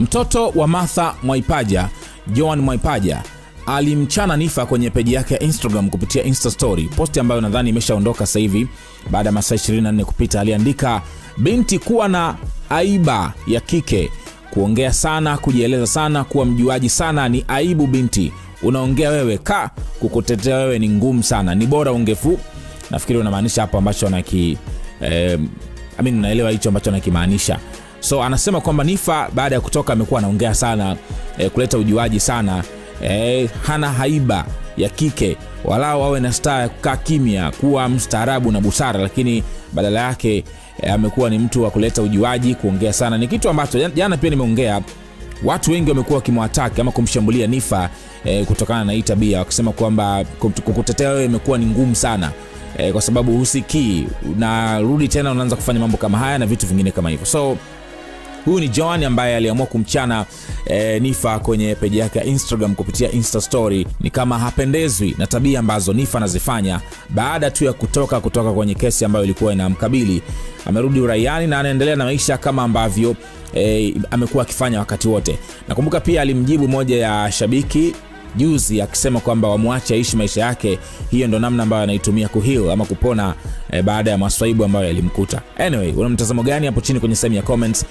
Mtoto wa Martha Mwaipaja, Joan Mwaipaja alimchana Nifa kwenye peji yake ya Instagram kupitia Insta story, posti ambayo nadhani imeshaondoka sahivi hivi baada ya masaa 24 kupita. Aliandika, binti kuwa na aiba ya kike, kuongea sana, kujieleza sana, kuwa mjuaji sana ni aibu. Binti unaongea wewe ka, kukutetea wewe ni ngumu sana, ni bora ungefu. Nafikiri unamaanisha hapo ambacho anaki eh, I mean, naelewa hicho ambacho anakimaanisha. So anasema kwamba Nifa baada ya kutoka amekuwa anaongea sana e, kuleta ujuaji sana e, hana haiba ya kike, walao awe na staa ya kukaa kimya, kuwa mstaarabu na busara, lakini badala yake e, amekuwa ni mtu wa kuleta ujuaji, kuongea sana. Ni kitu ambacho jana pia nimeongea watu wengi wamekuwa wakimwataki ama kumshambulia Nifa e, kutokana na hii tabia, wakisema kwamba kukutetea wewe imekuwa ni ngumu sana e, kwa sababu husikii, unarudi tena unaanza kufanya mambo kama haya na vitu vingine kama hivyo so Huyu ni Joan ambaye aliamua kumchana e, Nifa kwenye peji yake ya Instagram kupitia Insta story. Ni kama hapendezwi na tabia ambazo Nifa anazifanya baada tu ya kutoka kutoka kwenye kesi ambayo ilikuwa inamkabili. Amerudi uraiani na anaendelea na maisha kama ambavyo e, amekuwa akifanya wakati wote. Nakumbuka pia alimjibu moja ya shabiki juzi akisema kwamba wamwache aishi maisha yake. Hiyo ndo namna ambayo anaitumia kuhil ama kupona e, baada ya maswaibu ambayo yalimkuta. Anyway, una mtazamo gani hapo chini kwenye sehemu ya comments?